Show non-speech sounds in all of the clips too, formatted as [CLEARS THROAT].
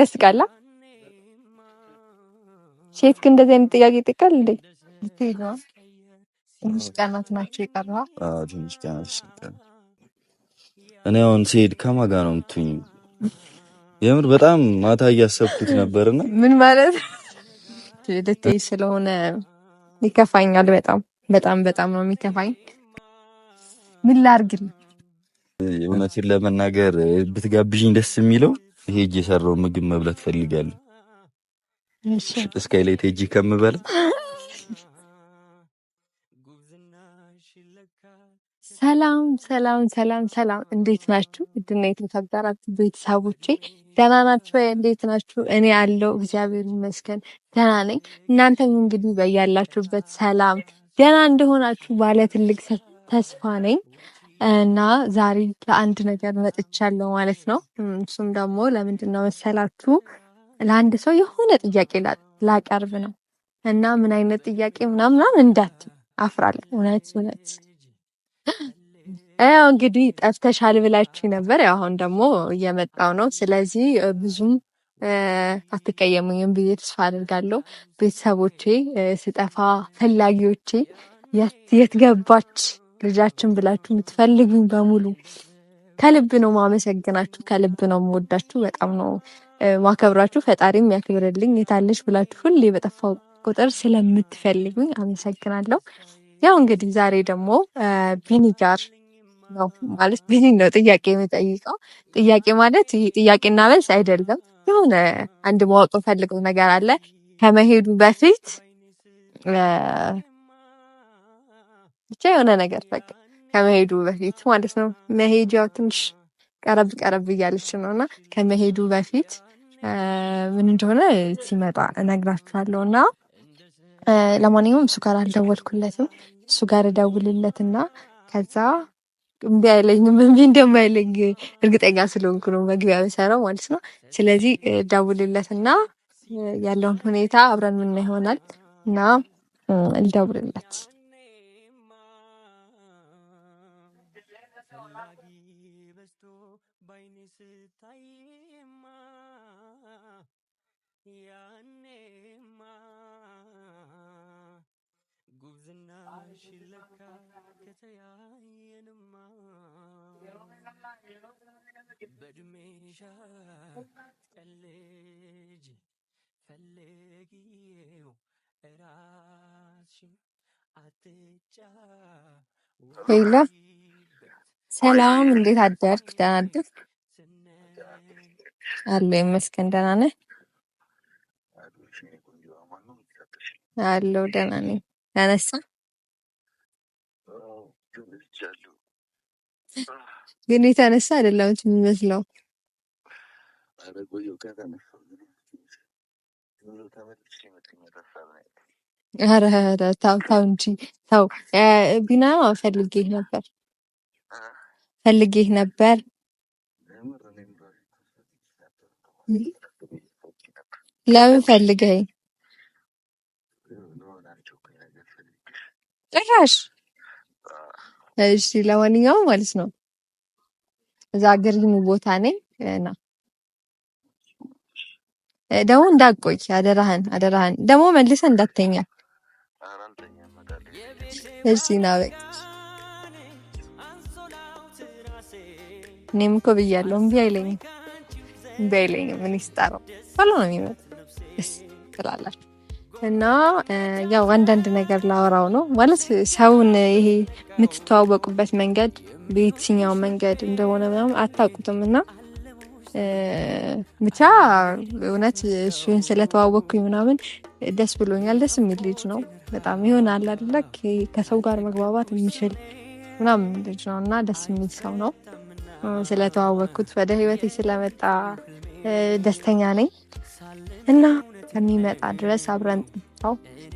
ያስቃላ ሴት ግን እንደዚህ አይነት ጥያቄ ይጠይቃል እንዴ? ትንሽ ቀናት ናቸው የቀረው። ትንሽ ቀናት እኔ አሁን ስሄድ ከማን ጋር ነው የምትሆኝ? የምር በጣም ማታ እያሰብኩት ነበርና ምን ማለት ትልት ስለሆነ ይከፋኛል። በጣም በጣም በጣም ነው የሚከፋኝ። ምን ላድርግ? እውነቴን ለመናገር ብትጋብዥኝ ደስ የሚለው ሄጅ የሰራው ምግብ መብላት ፈልጋለሁ። እስካይላይት ሄጅ ከምበላ ሰላም ሰላም ሰላም ሰላም፣ እንዴት ናችሁ? እድና የተከበራችሁ ቤተሰቦቼ ደህና ናችሁ? እንዴት ናችሁ? እኔ ያለው እግዚአብሔር ይመስገን ደህና ነኝ። እናንተም እንግዲህ በያላችሁበት ሰላም ደህና እንደሆናችሁ ባለ ትልቅ ተስፋ ነኝ። እና ዛሬ ለአንድ ነገር መጥቻለሁ ማለት ነው። እሱም ደግሞ ለምንድን ነው መሰላችሁ? ለአንድ ሰው የሆነ ጥያቄ ላቀርብ ነው እና ምን አይነት ጥያቄ ምናምናም እንዳት አፍራል። እውነት እውነት ያው እንግዲህ ጠፍተሻል ብላችሁ ነበር። ያው አሁን ደግሞ እየመጣው ነው። ስለዚህ ብዙም አትቀየሙኝም ብዬ ተስፋ አድርጋለሁ። ቤተሰቦቼ ስጠፋ ፈላጊዎቼ የት ገባች ልጃችን ብላችሁ የምትፈልጉ በሙሉ ከልብ ነው ማመሰግናችሁ፣ ከልብ ነው የምወዳችሁ፣ በጣም ነው ማከብራችሁ። ፈጣሪም ያክብርልኝ። የታለሽ ብላችሁ ሁሌ በጠፋው ቁጥር ስለምትፈልጉኝ አመሰግናለሁ። ያው እንግዲህ ዛሬ ደግሞ ቢኒ ጋር ነው ማለት ቢኒ ነው ጥያቄ የምጠይቀው። ጥያቄ ማለት ይህ ጥያቄና መልስ አይደለም። የሆነ አንድ ማወቅ ፈልገው ነገር አለ ከመሄዱ በፊት ብቻ የሆነ ነገር በቃ ከመሄዱ በፊት ማለት ነው። መሄጃው ትንሽ ቀረብ ቀረብ እያለች ነው እና ከመሄዱ በፊት ምን እንደሆነ ሲመጣ እነግራችኋለሁ። እና ለማንኛውም እሱ ጋር አልደወልኩለትም። እሱ ጋር እደውልለት እና ከዛ እምቢ አይለኝም። እምቢ እንደማይለኝ እርግጠኛ ስለሆንኩ ነው መግቢያ በሰራው ማለት ነው። ስለዚህ እደውልለት እና ያለውን ሁኔታ አብረን ምና ይሆናል እና እልደውልለት ህልሜሻ ቀልጅ ፈለጊው እራስሽን አትጫወቺ። ሰላም እንዴት አደርክ? ደህና አደርክ አሉ ይመስገን። ደህና ነህ አለው። ደህና ነኝ። ተነሳ ግን የተነሳ አይደለም የሚመስለው ኧረ ተው ተው እንጂ ተው። ፈልጌህ ነበር ፈልጌህ ነበር። ለምን ፈልገኝ ጭራሽ? እሺ፣ ለማንኛውም ማለት ነው እዛ ቦታ ነኝ እና ደግሞ እንዳቆይ አደራህን አደራህን። ደግሞ መልሰህ እንዳተኛ እዚህ ና በቃ። እኔም እኮ ብያለሁ እምቢ አይለኝም እምቢ አይለኝም። ምን ይስጠረው ቶሎ ነው የሚመጣው። ደስ ትላላችሁ። እና ያው አንዳንድ ነገር ላወራው ነው ማለት ሰውን ይሄ የምትተዋወቁበት መንገድ በየትኛው መንገድ እንደሆነ ምናምን አታውቁትም እና ብቻ እውነት እሱን ስለተዋወቅኩኝ ምናምን ደስ ብሎኛል። ደስ የሚል ልጅ ነው በጣም ይሆናል አይደለ ከሰው ጋር መግባባት የሚችል ምናምን ልጅ ነው እና ደስ የሚል ሰው ነው። ስለተዋወቅኩት ወደ ህይወቴ ስለመጣ ደስተኛ ነኝ እና ከሚመጣ ድረስ አብረን ጠጣው።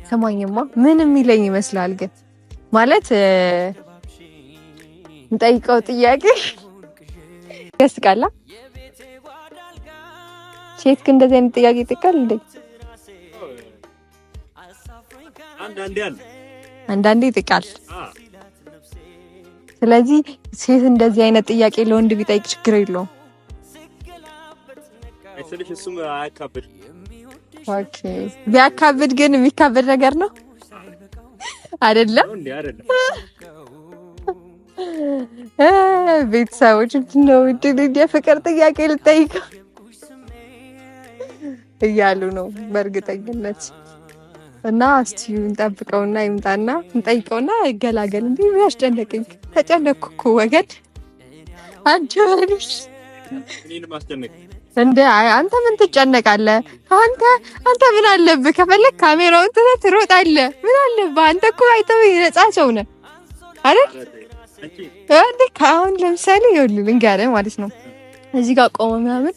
ሰማኝማ ምን የሚለኝ ይመስላል ግን ማለት እንጠይቀው ጥያቄ ያስቃላ ሴት እንደዚህ አይነት ጥያቄ ይጠይቃል እንዴ? አንዳንዴ አለ፣ አንዳንዴ ይጠይቃል። ስለዚህ ሴት እንደዚህ አይነት ጥያቄ ለወንድ ቢጠይቅ ችግር የለውም። አይሰልሽ፣ እሱም አያካብድ። ኦኬ፣ ቢያካብድ ግን የሚካበድ ነገር ነው አይደለም? ቤተሰቦች ነው እንደ ፍቅር ጥያቄ ልጠይቀው እያሉ ነው በእርግጠኝነት። እና እስቲ እንጠብቀውና ይምጣና እንጠይቀውና ይገላገል። እንዲ ያስጨነቀኝ ተጨነቅኩ እኮ ወገን አንቺ እንደ አንተ ምን ትጨነቃለህ? አንተ አንተ ምን አለብህ? ከፈለግ ካሜራውን ትተህ ትሮጣለህ። ምን አለብህ? አንተ እኮ አይተው ነጻ ሰው ነህ አይደል? እንዴ አሁን ለምሳሌ ይኸውልህ ልንገርህ ማለት ነው እዚህ ጋር ቆመ ምናምን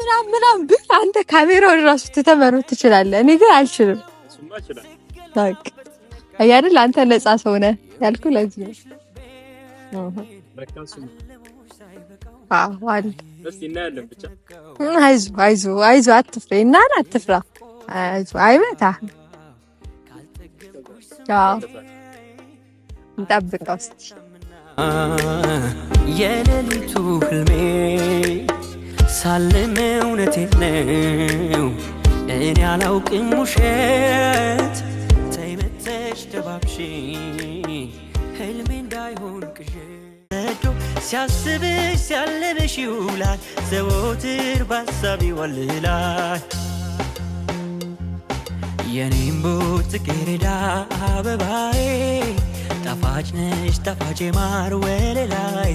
ምናምን ምናምን ብል አንተ ካሜራውን ራሱ ትተመሩት ትችላለህ። እኔ ግን አልችልም። ታውቅ አንተ ነጻ ሰው ነህ ያልኩህ ለዚህ ነው። አዎ አለ። አይዞህ አይዞህ አትፍራ እና አትፍራ። አይዞህ አይመታህም። እንጠብቀው የሌሊቱ ህልሜ ሳልም እውነቴ ነው እኔ አላውቅም ውሸት ተይመተሽ ደባብሽ ህልሜ እንዳይሆን ዶ ሲያስብሽ ሲያለበሽ ይውላል ዘወትር ባሳብ ይወልላል የኔም ብርቱካን አበባዬ ጣፋጭ ነሽ ጣፋጭ ማር ወለላዬ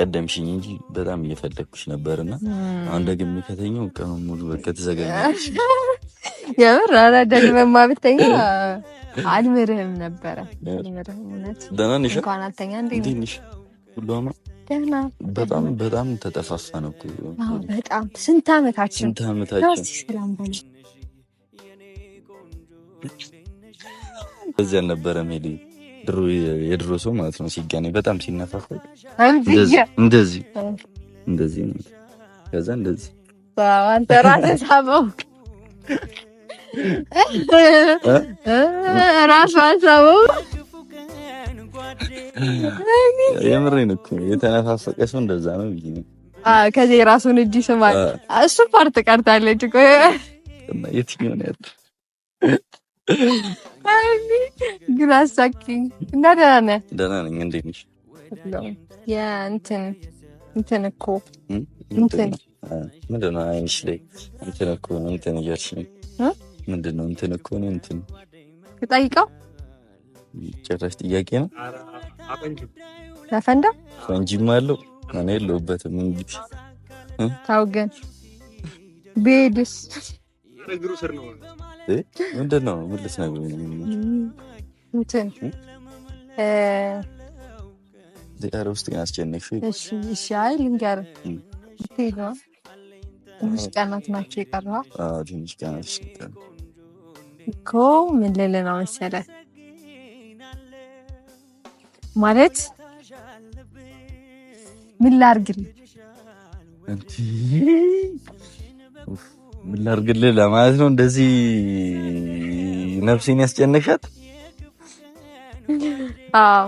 ቀደምሽኝ እንጂ በጣም እየፈለግኩሽ ነበርና አሁን ደግሜ የሚከተኘው ቀኑ ሙሉ በቃ ተዘጋኛለሽ። [LAUGHS] የምር ደግመማ አልምርህም ነበረ። ደህና ነሽ? እንኳን አልተኛ። እንዴት ነሽ? ደህና። በጣም በጣም በጣም ስንት ስንት በዚያ ድሮ የድሮ ሰው ማለት ነው። ሲገናኝ በጣም ሲነፋፋ እንደዚህ እንደዚህ ነው። ከዛ እንደዚህ አንተ ራስህ ሳበው ራስህ ሳበው። የምሬን እኮ የተነፋፈቀ ሰው እንደዛ ነው ብዬ ነው። ከዚህ የራሱን እጅ ስማል። እሱ ፓርት ቀርታለች የትኛው ነው ያለ እኔን አሳቂኝ እና ደህና ነህ? ደህና ነኝ። እንዴት ነሽ? የእንትን እንትን እኮ እንትን ምንድን ነው አይንሽ ላይ እንትን እኮ እንትን እያልሽ ምንድን ነው እንትን እኮ ነው እንትን ትጠይቀው ጭራሽ ጥያቄ ነው። ለፈንዳ ፈንጂም አለው እኔ የለሁበትም። እንግዲህ ታው ግን ቤድስ ምንድን ነው ምልስ ነገር እንትን ውስጥ ግን አስጨነቅሽ። እሺ አይ ልንገርህ ትንሽ ቀናት ናቸው ትንሽ ቀናት እኮ ምን ነው ማለት ምን ምን ለማለት ነው እንደዚህ ነፍሴን ያስጨነቅሻት። አዎ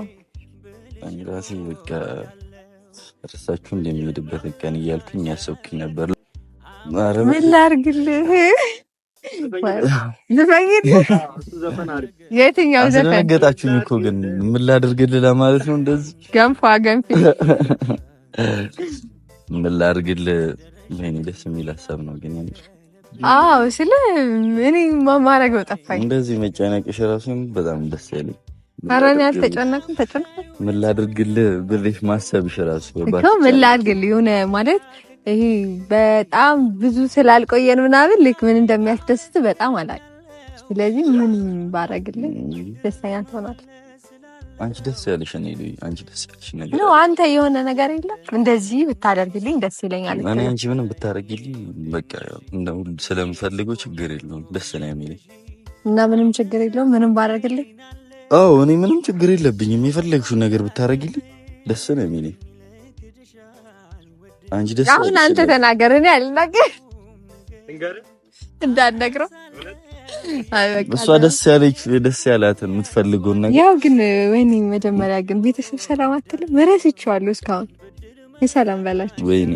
በቃ እርሳችሁ እንደሚሄድበት ቀን እያልኩኝ ያሰብኩኝ ነበር። ምን ላድርግልህ? የትኛው ዘፈን አስደነገጣችሁኝ እኮ ግን ምን ላድርግልህ ለማለት ነው። እንደዚህ ገንፏ ገንፊ [LAUGHS] ምን ላድርግልህ? ይሄኔ ደስ የሚል ሀሳብ ነው ግን አዎ፣ ስለ እኔ ማድረግ ነው ጠፋኝ። እንደዚህ መጨነቅሽ ራሱን በጣም ደስ ያለኝ ኧረ እኔ አልተጨነቅም። ተጨነቅ ምን ላድርግልህ ብሬሽ ማሰብሽ እራሱ ምን ላድርግልህ የሆነ ማለት ይሄ በጣም ብዙ ስላልቆየን ምናምን ልክ ምን እንደሚያስደስት በጣም አላውቅም። ስለዚህ ምን ባረግልህ ደስተኛ ትሆናለህ? አንቺ ደስ ያለሽ እኔ አንቺ ደስ ያለሽ ነገር ነው። አንተ የሆነ ነገር የለም እንደዚህ ብታደርግልኝ ደስ ይለኛል። እኔ አንቺ ምንም ብታደርግልኝ በቃ እንደው ስለምፈልገው ችግር የለውም ደስ ነው የሚለኝ እና ምንም ችግር የለውም ምንም ባደርግልኝ አዎ እኔ ምንም ችግር የለብኝም። የፈለግሽው ነገር ብታረጊልኝ ደስ ነው የሚለኝ። አንቺ ደስ አሁን አንተ ተናገር፣ እኔ አልናገር እንዳነግረው እሷ ደስ ያለች ደስ ያላትን የምትፈልገውን ነገር ያው ግን፣ ወይኔ መጀመሪያ ግን ቤተሰብ ሰላም አትልም። እረስቸዋለሁ እስካሁን የሰላም በላቸው። ወይኔ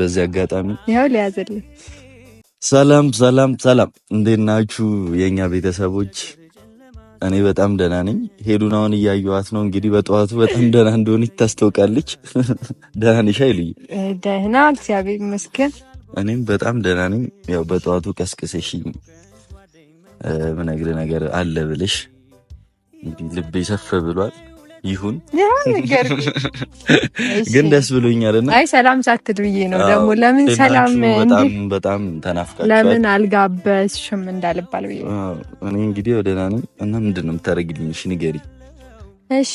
በዚህ አጋጣሚ ያው ሊያዘልን ሰላም፣ ሰላም፣ ሰላም እንዴት ናችሁ የእኛ ቤተሰቦች? እኔ በጣም ደህና ነኝ። ሄዱን አሁን እያየኋት ነው። እንግዲህ በጠዋቱ በጣም ደህና እንደሆነች ታስታውቃለች። [LAUGHS] ደህና ነሽ አይሉኝ? ደህና እግዚአብሔር ይመስገን። እኔም በጣም ደህና ነኝ። ያው በጠዋቱ ቀስቅሰሽኝ ምነግር ነገር አለ ብለሽ እንግዲህ ልቤ ሰፍ ብሏል። ይሁን [LAUGHS] ግን ደስ ብሎኛል። እና አይ ሰላም ሳትል ብዬ ነው ደግሞ ለምን ሰላም በጣም በጣም ተናፍቃችሁ ለምን አልጋበዝሽም እንዳልባል ብዬ እኔ እንግዲህ ወደ ና እና ምንድን ነው የምታደርጊልኝ? እሺ ንገሪ። እሺ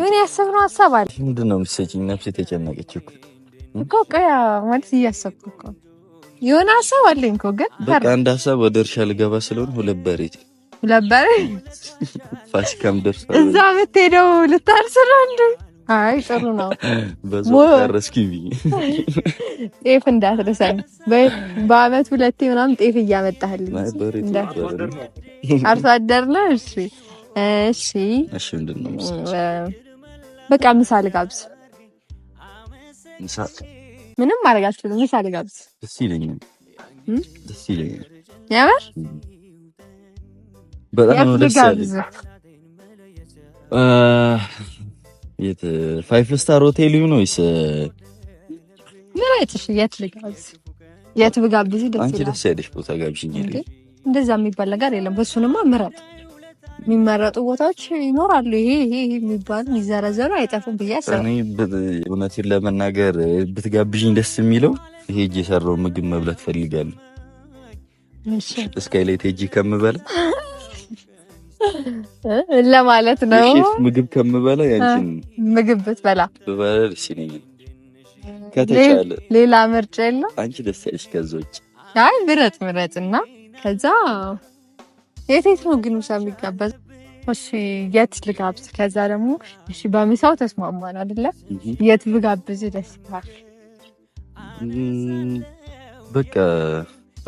ምን ያሰብነው ሀሳብ አለ። ምንድን ነው የምትሰጪኝ? ነፍስ የተጨነቀች እኮ እኮ ቆይ ማለት እያሰብኩ እኮ የሆነ ሀሳብ አለኝ እኮ ግን በቃ አንድ ሀሳብ ወደ እርሻ ልገባ ስለሆነ ሁለት በሬት ነበር ፋሲካም ደርሷል። እዛ ብትሄደው ልታርስ ነው አይ ጥሩ ነው። ጤፍ እንዳትረሳኝ። በአመት ሁለቴ ምናምን ጤፍ እያመጣህልኝ አርሶ አደር ነህ። እሺ እሺ እሺ። ምንድን ነው በቃ ምሳ ልጋብዝ። ምሳ ምንም ማድረግ አልችልም። ምሳ ልጋብዝ። ደስ ይለኛል፣ ደስ ይለኛል። ያምር በጣም ደስ ያለኝ የት ፋይፍ ስታር ሆቴል ይሁን ወይስ ምን አይተሽ የት ልጋብዝ የት ብጋብዝ ደስ አንቺ ደስ ያለሽ ቦታ ጋብዥኝ። እንደዛ የሚባል ነገር የለም። በሱንማ ምረጥ። የሚመረጡ ቦታዎች ይኖራሉ። ይሄ ይሄ የሚባል የሚዘረዘሩ አይጠፉም ብዬ አስባለሁ። እውነቴን ለመናገር ብትጋብዥኝ ደስ የሚለው ይሄ እጅ የሰራው ምግብ መብላት ፈልጋለሁ። እስካይ ላይ ሄጄ ከምበላ [LAUGHS] ለማለት ነው። ምግብ ከምበላ ያንቺን ምግብ ብትበላ ብበላ ደስ ይለኛል። ከተቻለ ሌላ ምርጫ የለም። አንቺ ደስ ያለሽ ከዛ ውጭ አይ ምረጥ ምረጥ እና ከዛ የት ነው ግን ውሳ የሚጋበዝ? እሺ የት ልጋብዝ? ከዛ ደግሞ እሺ በምሳው ተስማማን አይደለ? የት ልጋብዝ ደስ ይላል? በቃ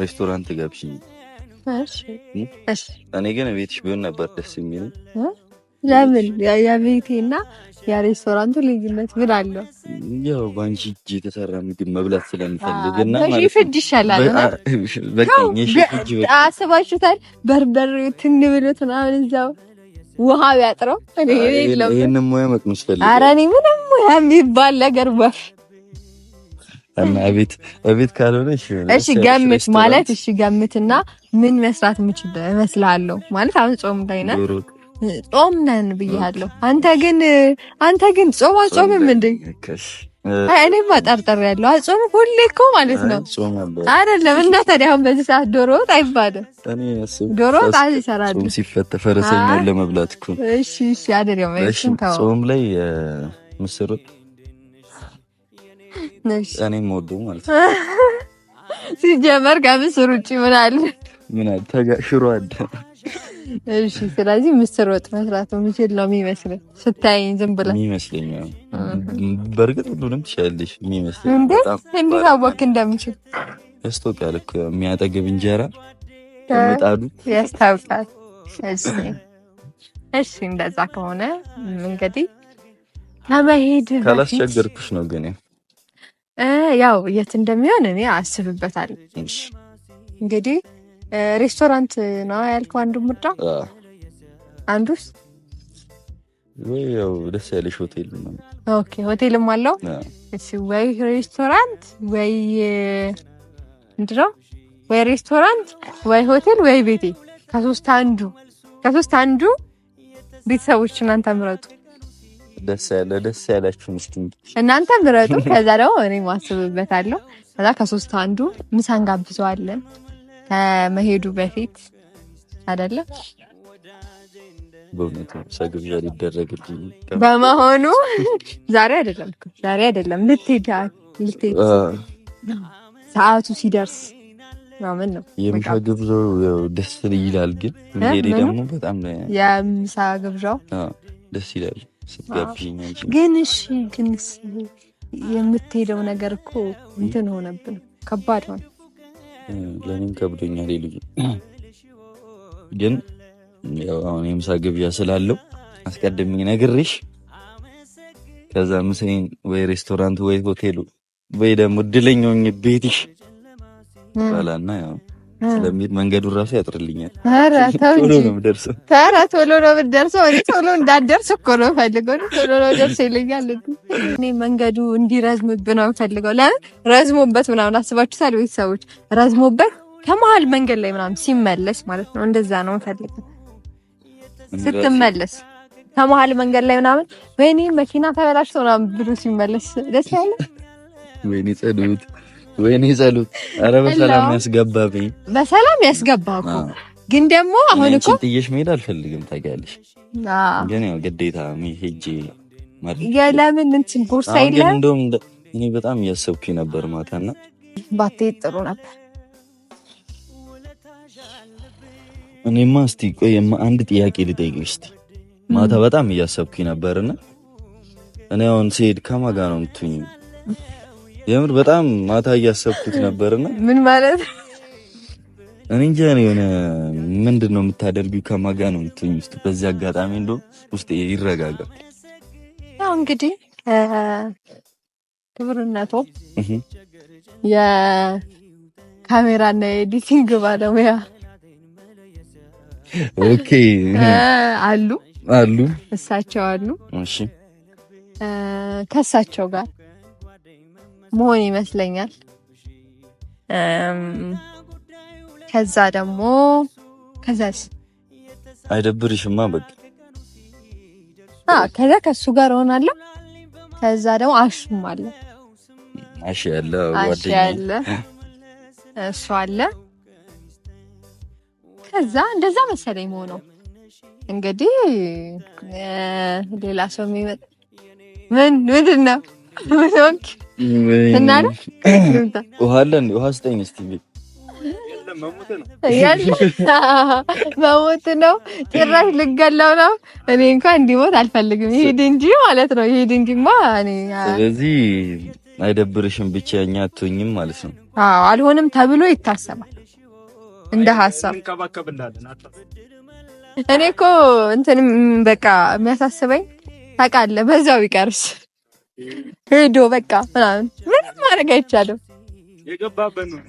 ሬስቶራንት ገብሽኝ እኔ ግን ቤትሽ ቢሆን ነበር ደስ የሚል። ለምን የቤቴና የሬስቶራንቱ ልዩነት ምን አለው? ያው በአንቺ እጅ የተሰራ ምግብ መብላት ስለሚፈልግና ሽፍድ ይሻላል። አስባችሁታል? በርበሬው ምናምን እዛው ውሃው ያጥረው። ይህንም ሙያ መቅመስ ፈልግ። ኧረ እኔ ምንም ሙያ የሚባል ነገር ወፍ እቤት እቤት ካልሆነ እሺ ገምት ማለት እሺ ገምትና ምን መስራት የምችል እመስላለሁ ማለት አሁን ጾም ላይ ነን ጾም ነን ብያለሁ አንተ ግን አንተ ግን ጾም አጾምም እንዴ እኔም ጠርጠር ያለው አጾም ሁሌ እኮ ማለት ነው አይደለም እና ታዲያ አሁን በዚህ ሰዓት ዶሮ ወጥ አይባልም ዶሮ ወጥ ይሰራል ሲፈተ ፈረሰኛ ለመብላት እኮ እሺ እሺ አይደለም ጾም ላይ ምስር ወጥ ነሽ? እኔም ወደው ማለት ነው። [LAUGHS] ሲጀመር ከምስር ውጭ ምን አለ? ምን አለ? ሽሮ አለ። እሺ፣ ስለዚህ ምስር ወጥ መስራት የምችል ነው የሚመስለኝ። ስታይኝ ዝም ብላ የሚመስለኝ። በእርግጥ ሁሉንም ትችላለሽ የሚመስለኝ። እንዴት አወክ እንደምችል? ኢትዮጵያ ልክ የሚያጠግብ እንጀራ ከምጣዱ ያስታውቃል። እሺ፣ እሺ፣ እንደዛ ከሆነ እንግዲህ ለመሄድ ካላስቸገርኩሽ ነው ግን ያው የት እንደሚሆን እኔ አስብበታለሁ። እንግዲህ ሬስቶራንት ነው ያልከው አንዱ ምርጫ፣ አንዱስ ወይ ያው ደስ ያለሽ ሆቴል ኦኬ ሆቴልም አለው። እሺ ወይ ሬስቶራንት ወይ ምንድን ወይ ሬስቶራንት ወይ ሆቴል ወይ ቤቴ፣ ከሶስት አንዱ ከሶስት አንዱ ቤተሰቦች እናንተ ምረጡ። ደስ ያላችሁ ምስኪን እናንተ ምረጡ። ከዛ ደግሞ እኔ ማስብበታለሁ። ከዛ ከሶስት አንዱ ምሳ እንጋብዘዋለን ከመሄዱ በፊት አይደለም። በእውነቱ ሰግብዣ ሊደረግልኝ በመሆኑ ዛሬ አይደለም ዛሬ አይደለም ልትሄድ ልትሄድ ሰዓቱ ሲደርስ ምናምን ነው የምሳ ግብዣው ደስ ይላል። ግን ሄዴ ደግሞ በጣም የምሳ ግብዣው ደስ ይላል። ስትጋብዥኝ ግን እሺ፣ ግንስ የምትሄደው ነገር እኮ እንትን ሆነብን፣ ከባድ ሆነ። ለምን ከብዶኛል። ልጅ ግን አሁን የምሳ ግብዣ ስላለው አስቀድሜ ነግሬሽ ከዛ ምሳዬን ወይ ሬስቶራንት ወይ ሆቴሉ ወይ ደግሞ እድለኛው ቤትሽ በላና ያው ስለሚሄድ መንገዱ ራሱ ያጥርልኛል። ቶሎ ነው የምደርሰው። ኧረ ቶሎ ነው እኔ ቶሎ እንዳደርስ እኮ ነው የምፈልገው። ቶሎ ነው ደርስ ይለኛል። እኔ መንገዱ እንዲረዝምብን ነው የምፈልገው። ለምን ረዝሞበት ምናምን አስባችሁታል? ቤተሰቦች ረዝሞበት ከመሀል መንገድ ላይ ምናምን ሲመለስ ማለት ነው። እንደዛ ነው የምፈልገው። ስትመለስ ከመሀል መንገድ ላይ ምናምን ወይኔ መኪና ተበላሽቶ ምናምን ብሎ ሲመለስ ደስ ያለ ወይኔ ጸዱት ወይኔ ጸሎት! ኧረ በሰላም ያስገባብኝ፣ በሰላም ያስገባ እኮ። ግን ደግሞ አሁን እኮ ጥዬሽ መሄድ አልፈልግም ታውቂያለሽ። ግን ያው ግዴታ ሄጄ የለምን እንትን ቦርሳ የለም። እንደውም እኔ በጣም እያሰብኩ ነበር ማታና ባትሄድ ጥሩ ነበር። እኔማ እስቲ ቆይ አንድ ጥያቄ ልጠይቅሽ። እስቲ ማታ በጣም እያሰብኩኝ ነበርና እኔ አሁን ስሄድ ከማን ጋር ነው የምትሆኚው? የምር በጣም ማታ እያሰብኩት ነበርና ምን ማለት እኔ እንጃ የሆነ ምንድን ነው የምታደርጊው? ከማጋ ነው የምትኝ ውስጥ በዚህ አጋጣሚ እንደው ውስጥ ይረጋጋል። ያው እንግዲህ ክብርነቱ የካሜራና የኤዲቲንግ ባለሙያ ኦኬ አሉ አሉ እሳቸው አሉ። እሺ ከእሳቸው ጋር መሆን ይመስለኛል። ከዛ ደግሞ ከዛስ አይደብርሽማ በቃ ከዛ ከሱ ጋር እሆናለሁ። ከዛ ደግሞ አሹም አለ አሽ ያለ ያለ እሱ አለ። ከዛ እንደዛ መሰለኝ መሆነው እንግዲህ ሌላ ሰው የሚመጣ ምን ምንድን ነው? [CLEARS THROAT] ውሃ አለ ውሃ ስጠኝ እስቲ። [LAUGHS] መሞት ነው ጭራሽ ልገለው ነው። እኔ እንኳን እንዲሞት አልፈልግም። ይሄድ እንጂ ማለት ነው። ይሄድ እንጂማ ስለዚህ አይደብርሽም ብቸኛ አትሆኝም ማለት ነው። አዎ አልሆንም ተብሎ ይታሰባል እንደ ሀሳብ። እኔ እኮ እንትንም በቃ የሚያሳስበኝ ታውቃለህ፣ በዛው ይቀርስ ሄዶ በቃ ምናምን ምንም ማድረግ አይቻልም። የገባበት ነው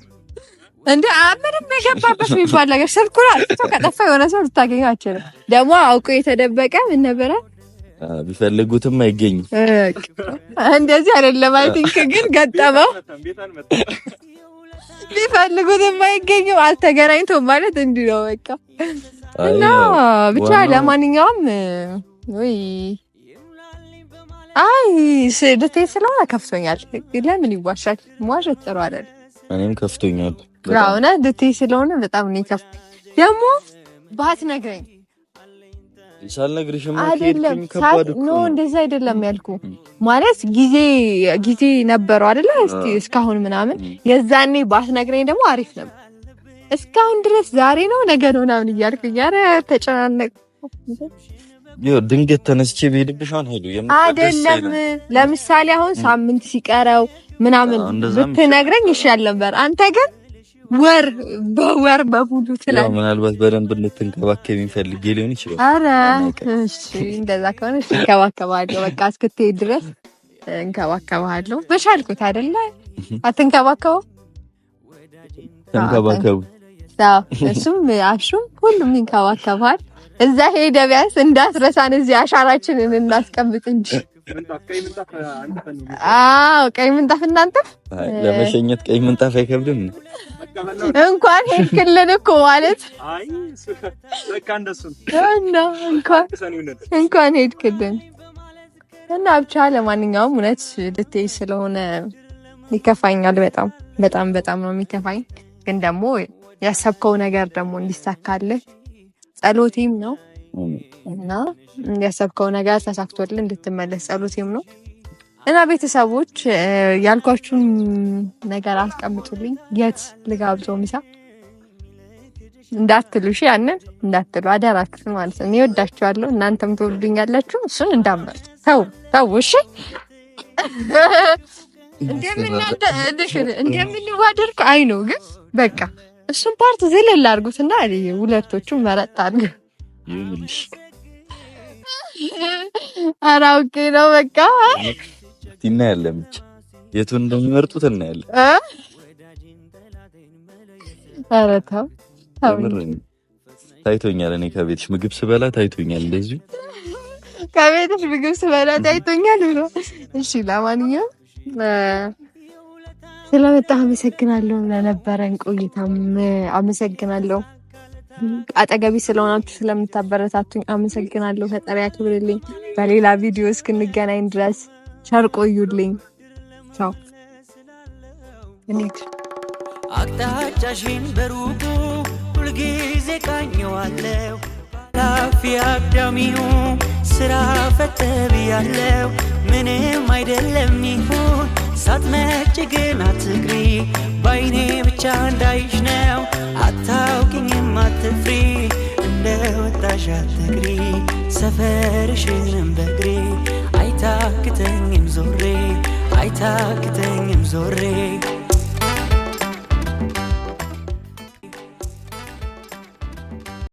እንደ ምንም የገባበት የሚባል ነገር ስልኩን አጥቶ ከጠፋ የሆነ ሰው ልታገኙ አችልም። ደግሞ አውቆ የተደበቀ ምን ነበረ ቢፈልጉትም አይገኝም። እንደዚህ አይደለም። አይ ቲንክ ግን ገጠመው። ቢፈልጉትም አይገኝም። አልተገናኝቶም ማለት እንዲህ ነው በቃ እና ብቻ ለማንኛውም ወይ አይ ስድቴ ስለሆነ ከፍቶኛል። ለምን ይዋሻል? መዋሸት ጥሩ አይደለም። እኔም ከፍቶኛል። ራውና ድቴ ስለሆነ በጣም ነው ከፍ ደግሞ ባትነግረኝ ሳልነግርሽም አይደለም ኖ እንደዚህ አይደለም ያልኩ ማለት ጊዜ ጊዜ ነበረው አይደለ? እስቲ እስካሁን ምናምን የዛኔ ባትነግረኝ ደግሞ አሪፍ ነው እስካሁን ድረስ ዛሬ ነው ነገ ነው ምናምን እያልኩኝ ኧረ ተጨናነቅ ድንገት ተነስቼ ብሄድብሽ ሄዱ አይደለም። ለምሳሌ አሁን ሳምንት ሲቀረው ምናምን ብትነግረኝ ይሻል ነበር። አንተ ግን ወር በወር በሙሉ ትላለህ። ምናልባት በደንብ እንድትንከባከብ የሚፈልግ ሊሆን ይችላል። አረ እንደዛ ከሆነ እንከባከባለሁ። በቃ እስክትሄድ ድረስ እንከባከባለሁ። በሻልኩት አይደለ? አትንከባከበው፣ ተንከባከቡ። እሱም አሹም ሁሉም ይንከባከባል። እዛ ሄደ ቢያንስ እንዳስረሳን እዚህ አሻራችንን እናስቀምጥ እንጂ። አዎ ቀይ ምንጣፍ እናንተ ለመሸኘት ቀይ ምንጣፍ አይከብድም። እንኳን ሄድክልን እኮ ማለት እንኳን ሄድክልን እና ብቻ ለማንኛውም እውነት ልትሄድ ስለሆነ ይከፋኛል። በጣም በጣም በጣም ነው የሚከፋኝ። ግን ደግሞ ያሰብከው ነገር ደግሞ እንዲሳካልህ ጸሎቴም ነው እና ያሰብከው ነገር ተሳክቶልን እንድትመለስ ጸሎቴም ነው እና ቤተሰቦች ያልኳችሁን ነገር አስቀምጡልኝ። የት ልጋብዞ ምሳ እንዳትሉ፣ እሺ ያንን እንዳትሉ አደራችሁ ማለት ነው። እወዳችኋለሁ፣ እናንተም ትወዱኛላችሁ። እሱን እንዳመጡ ተው ተው፣ እሺ እንደምንዋደርኩ አይ ነው ግን በቃ እሱም ፓርት ዘለል አድርጉትና ሁለቶቹም መረጥ አድርገው ይሁንልሽ። ኧረ አውቄ ነው በቃ እናያለን፣ ብቻ የቱን እንደሚመርጡት እናያለን። ኧረ ተው ታይቶኛል። እኔ ከቤትሽ ምግብ ስበላ ታይቶኛል። እንደዚሁ ከቤትሽ ምግብ ስበላ ታይቶኛል ብሎ እሺ፣ ለማንኛውም ስለመጣህ አመሰግናለሁ። ለነበረን ቆይታ አመሰግናለሁ። አጠገቢ ስለሆናችሁ ስለምታበረታቱኝ አመሰግናለሁ። ፈጣሪ ያክብርልኝ። በሌላ ቪዲዮ እስክንገናኝ ድረስ ቸር ቆዩልኝ። ቻው። አቅጣጫሽን በሩቁ ሁልጊዜ ቃኘዋለሁ። ላፊ አዳሚው ስራ ፈተብ ያለው ምንም አይደለም ይሁን ሳትመጪ ግን አትግሪ ባይኔ ብቻ እንዳይሽ ነው አታውቂኝም አትፍሪ እንደ ወጣሽ አትግሪ ሰፈርሽንም በግሪ አይታክተኝም ዞሬ አይታክተኝም ዞሬ